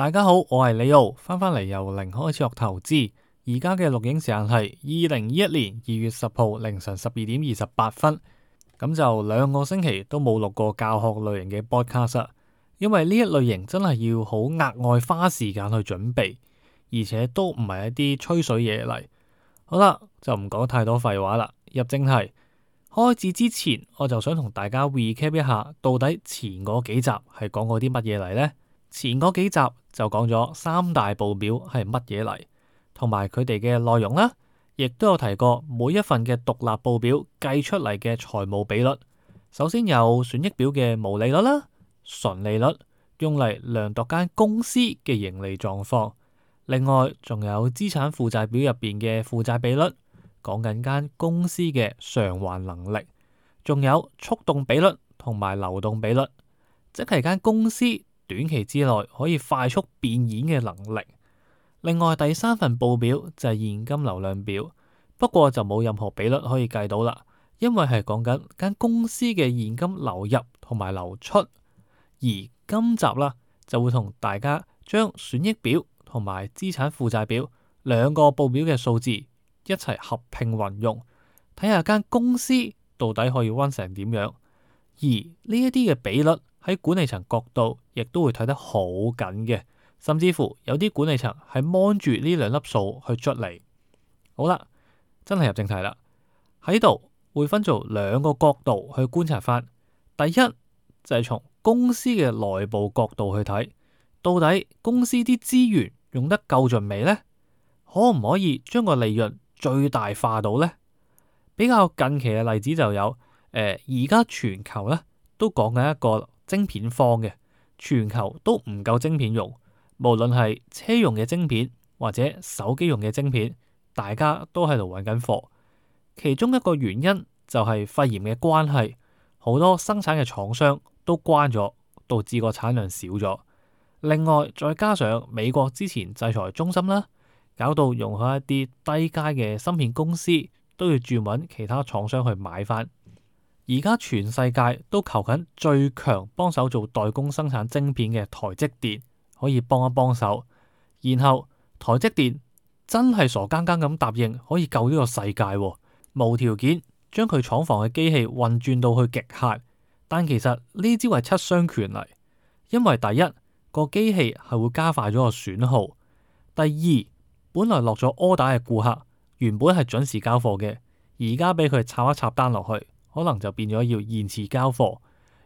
大家好，我係李奧，翻返嚟由零開始學投資。而家嘅錄影時間係二零二一年二月十號凌晨十二點二十八分。咁就兩個星期都冇錄過教學類型嘅 Podcast，因為呢一類型真係要好額外花時間去準備，而且都唔係一啲吹水嘢嚟。好啦，就唔講太多廢話啦，入正題。開始之前，我就想同大家 recap 一下，到底前嗰幾集係講過啲乜嘢嚟呢？前嗰幾集就講咗三大報表係乜嘢嚟，同埋佢哋嘅內容啦，亦都有提過每一份嘅獨立報表計出嚟嘅財務比率。首先有損益表嘅毛利率啦、純利率，用嚟量度間公司嘅盈利狀況。另外仲有資產負債表入邊嘅負債比率，講緊間公司嘅償還能力。仲有速動比率同埋流動比率，即係間公司。短期之內可以快速變現嘅能力。另外第三份報表就係現金流量表，不過就冇任何比率可以計到啦，因為係講緊間公司嘅現金流入同埋流出。而今集啦就會同大家將損益表同埋資產負債表兩個報表嘅數字一齊合併運用，睇下間公司到底可以溫成點樣。而呢一啲嘅比率。喺管理層角度，亦都會睇得好緊嘅，甚至乎有啲管理層係望住呢兩粒數去出嚟。好啦，真係入正題啦。喺度會分做兩個角度去觀察翻。第一就係、是、從公司嘅內部角度去睇，到底公司啲資源用得夠盡未呢？可唔可以將個利潤最大化到呢？比較近期嘅例子就有，呃、而家全球咧都講緊一個。晶片方嘅全球都唔夠晶片用，無論係車用嘅晶片或者手機用嘅晶片，大家都喺度揾緊貨。其中一個原因就係肺炎嘅關係，好多生產嘅廠商都關咗，導致個產量少咗。另外再加上美國之前制裁中芯啦，搞到用喺一啲低階嘅芯片公司都要轉搵其他廠商去買翻。而家全世界都求緊最強幫手做代工生產晶片嘅台積電，可以幫一幫手。然後台積電真係傻更更咁答應可以救呢個世界、哦，無條件將佢廠房嘅機器運轉到去極限。但其實呢招係七傷拳嚟，因為第一、這個機器係會加快咗個損耗，第二本來落咗 order 嘅顧客原本係準時交貨嘅，而家俾佢插一插單落去。可能就變咗要延遲交貨。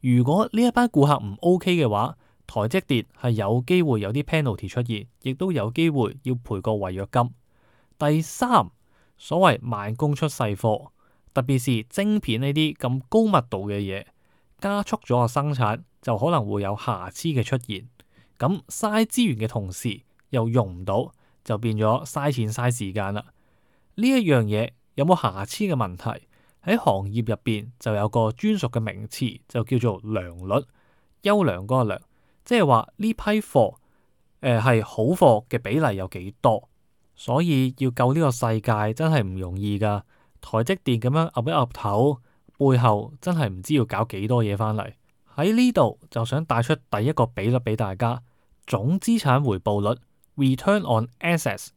如果呢一班顧客唔 OK 嘅話，台積電係有機會有啲 penalty 出現，亦都有機會要賠個違約金。第三，所謂慢工出細貨，特別是晶片呢啲咁高密度嘅嘢，加速咗個生產，就可能會有瑕疵嘅出現。咁嘥資源嘅同時，又用唔到，就變咗嘥錢嘥時間啦。呢一樣嘢有冇瑕疵嘅問題？喺行業入邊就有個專屬嘅名詞，就叫做良率，優良嗰個良，即係話呢批貨誒係好貨嘅比例有幾多，所以要救呢個世界真係唔容易噶。台積電咁樣岌一岌頭，背後真係唔知要搞幾多嘢翻嚟。喺呢度就想帶出第一個比率俾大家，總資產回報率 （Return on Assets）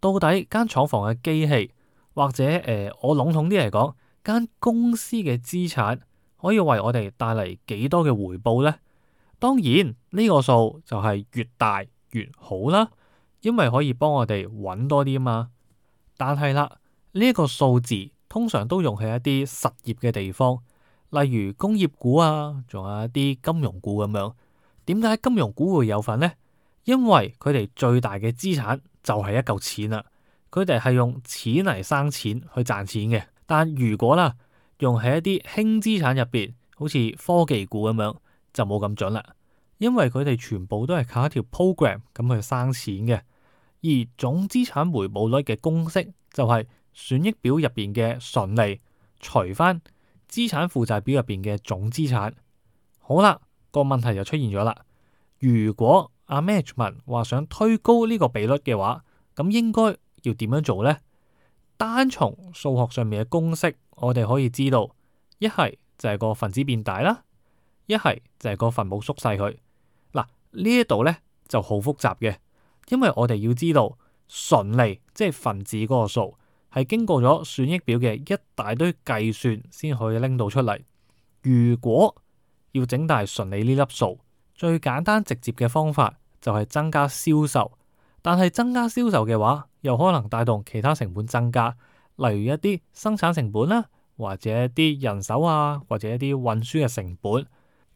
到底間廠房嘅機器或者誒、呃，我籠統啲嚟講。間公司嘅資產可以為我哋帶嚟幾多嘅回報呢？當然呢、呢個數就係越大越好啦，因為可以幫我哋揾多啲啊嘛。但係啦，呢、呢、一個數字通常都用喺一啲實業嘅地方，例如工業股啊，仲有一啲金融股咁樣。點解金融股會有份呢？因為佢哋最大嘅資產就係一嚿錢啦、啊，佢哋係用錢嚟生錢去賺錢嘅。但如果啦，用喺一啲輕資產入邊，好似科技股咁樣，就冇咁準啦。因為佢哋全部都係靠一條 program 咁去生錢嘅。而總資產回報率嘅公式就係損益表入邊嘅純利除翻資產負債表入邊嘅總資產。好啦，個問題就出現咗啦。如果阿 management 話想推高呢個比率嘅話，咁應該要點樣做呢？單從數學上面嘅公式，我哋可以知道，一係就係個分子變大啦，一係就係個分母縮細佢。嗱，呢一度咧就好複雜嘅，因為我哋要知道純利即係、就是、分子嗰個數，係經過咗損益表嘅一大堆計算先可以拎到出嚟。如果要整大純利呢粒數，最簡單直接嘅方法就係增加銷售。但係增加銷售嘅話，又可能帶動其他成本增加，例如一啲生產成本啦，或者一啲人手啊，或者一啲運輸嘅成本。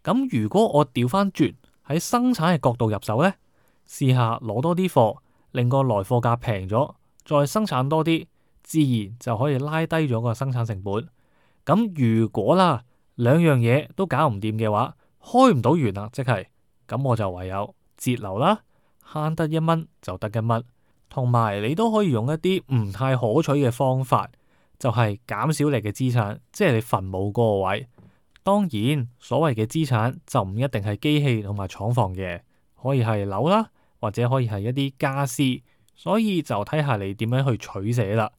咁如果我調翻轉喺生產嘅角度入手咧，試下攞多啲貨，令個來貨價平咗，再生產多啲，自然就可以拉低咗個生產成本。咁如果啦兩樣嘢都搞唔掂嘅話，開唔到源啦，即係咁我就唯有節流啦。慳得一蚊就得一蚊，同埋你都可以用一啲唔太可取嘅方法，就係、是、減少你嘅資產，即係你分母嗰個位。當然，所謂嘅資產就唔一定係機器同埋廠房嘅，可以係樓啦，或者可以係一啲家私。所以就睇下你點樣去取捨啦。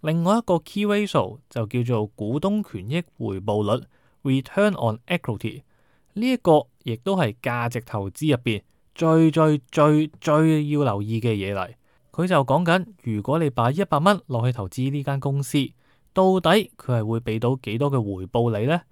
另外一個 key ratio、so、就叫做股東權益回報率 （Return on Equity），呢一個亦都係價值投資入邊。最最最最要留意嘅嘢嚟，佢就講緊，如果你把一百蚊落去投資呢間公司，到底佢係會俾到幾多嘅回報你咧？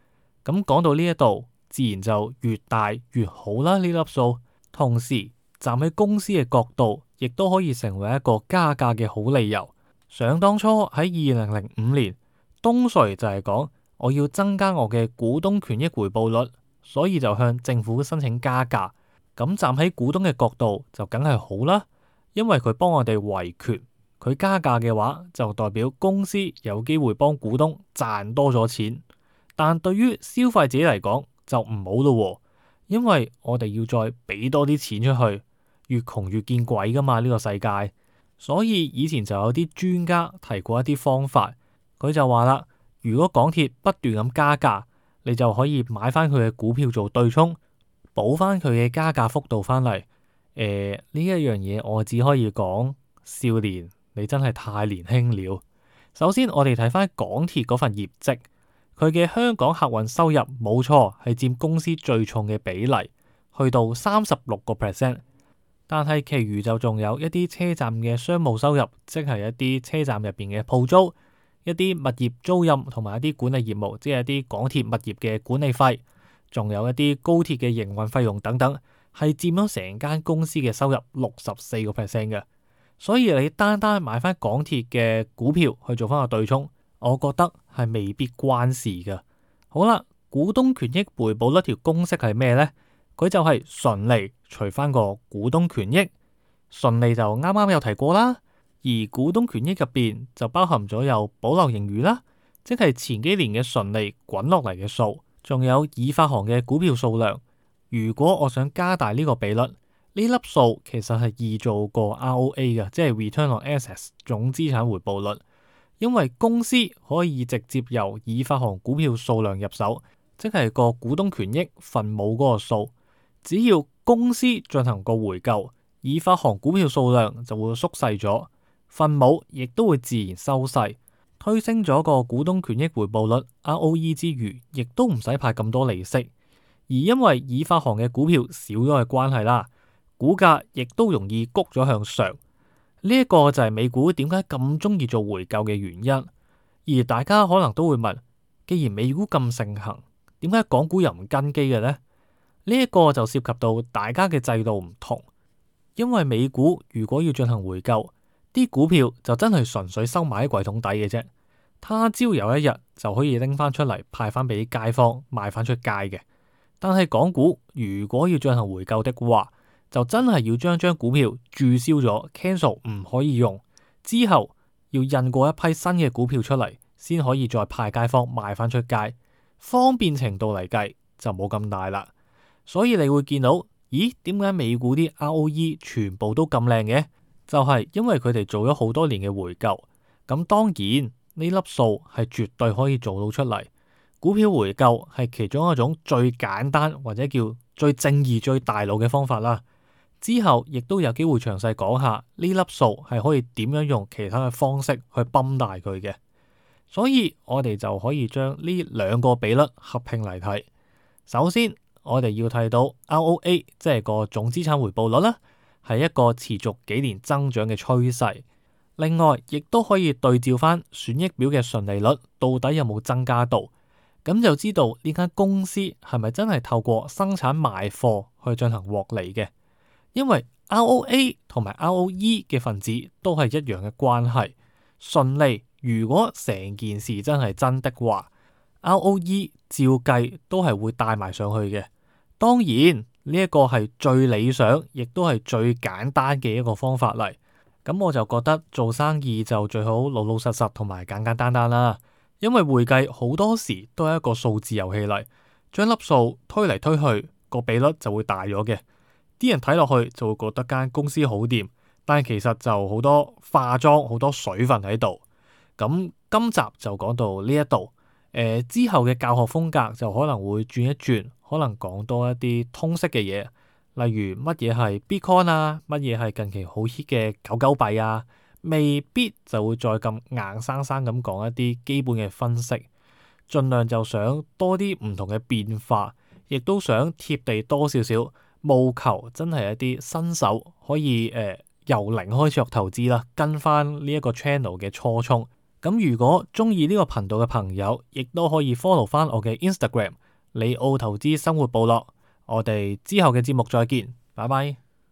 咁、嗯、講到呢一度，自然就越大越好啦呢粒數。同時站喺公司嘅角度，亦都可以成為一個加價嘅好理由。想當初喺二零零五年，東隧就係講我要增加我嘅股東權益回報率，所以就向政府申請加價。咁站喺股東嘅角度就梗係好啦，因為佢幫我哋維權，佢加價嘅話就代表公司有機會幫股東賺多咗錢。但對於消費者嚟講就唔好咯，因為我哋要再俾多啲錢出去，越窮越見鬼噶嘛呢個世界。所以以前就有啲專家提過一啲方法，佢就話啦，如果港鐵不斷咁加價，你就可以買翻佢嘅股票做對沖。補翻佢嘅加價幅度翻嚟，誒、呃、呢一樣嘢我只可以講，少年你真係太年輕了。首先，我哋睇翻港鐵嗰份業績，佢嘅香港客運收入冇錯係佔公司最重嘅比例，去到三十六個 percent。但係，其餘就仲有一啲車站嘅商務收入，即係一啲車站入邊嘅鋪租、一啲物業租賃同埋一啲管理業務，即係一啲港鐵物業嘅管理費。仲有一啲高鐵嘅營運費用等等，係佔咗成間公司嘅收入六十四個 percent 嘅。所以你單單買翻港鐵嘅股票，去做翻個對沖，我覺得係未必關事嘅。好啦，股東權益回報率嗰條公式係咩呢？佢就係純利除翻個股東權益。純利就啱啱有提過啦，而股東權益入邊就包含咗有保留盈餘啦，即係前幾年嘅純利滾落嚟嘅數。仲有已發行嘅股票數量，如果我想加大呢個比率，呢粒數其實係易做過 ROA 嘅，即係 return on assets 總資產回報率，因為公司可以直接由已發行股票數量入手，即係個股東權益分母嗰個數，只要公司進行個回購，已發行股票數量就會縮細咗，分母亦都會自然收細。推升咗個股東權益回報率 ROE 之餘，亦都唔使派咁多利息，而因為已發行嘅股票少咗嘅關係啦，股價亦都容易谷咗向上。呢一個就係美股點解咁鍾意做回購嘅原因。而大家可能都會問，既然美股咁盛行，點解港股又唔跟機嘅呢？呢一個就涉及到大家嘅制度唔同。因為美股如果要進行回購，啲股票就真係純粹收埋喺櫃桶底嘅啫。他朝有一日就可以拎翻出嚟派翻俾街坊賣翻出街嘅。但係港股如果要進行回購的話，就真係要將張股票注銷咗，cancel 唔可以用。之後要印過一批新嘅股票出嚟，先可以再派街坊賣翻出街。方便程度嚟計就冇咁大啦。所以你會見到咦？點解美股啲 ROE 全部都咁靚嘅？就係因為佢哋做咗好多年嘅回購。咁當然。呢粒數係絕對可以做到出嚟，股票回購係其中一種最簡單或者叫最正義、最大腦嘅方法啦。之後亦都有機會詳細講下呢粒數係可以點樣用其他嘅方式去泵大佢嘅。所以我哋就可以將呢兩個比率合併嚟睇。首先我哋要睇到 ROA，即係個總資產回報率啦，係一個持續幾年增長嘅趨勢。另外，亦都可以對照翻損益表嘅純利率，到底有冇增加到，咁就知道呢間公司係咪真係透過生產賣貨去進行獲利嘅。因為 ROA 同埋 ROE 嘅分子都係一樣嘅關係，純利如果成件事真係真嘅話，ROE 照計都係會帶埋上去嘅。當然，呢一個係最理想，亦都係最簡單嘅一個方法嚟。咁我就覺得做生意就最好老老實實同埋簡簡單單啦，因為會計好多時都係一個數字遊戲嚟，將粒數推嚟推去，個比率就會大咗嘅。啲人睇落去就會覺得間公司好掂，但其實就好多化妝，好多水分喺度。咁今集就講到呢一度，誒之後嘅教學風格就可能會轉一轉，可能講多一啲通識嘅嘢。例如乜嘢係 Bitcoin 啊，乜嘢係近期好 hit 嘅狗狗幣啊，未必就會再咁硬生生咁講一啲基本嘅分析，盡量就想多啲唔同嘅變化，亦都想貼地多少少，務求真係一啲新手可以誒、呃、由零開始學投資啦，跟翻呢一個 channel 嘅初衷。咁如果中意呢個頻道嘅朋友，亦都可以 follow 翻我嘅 Instagram 李奧投資生活部落。我哋之後嘅節目再見，拜拜。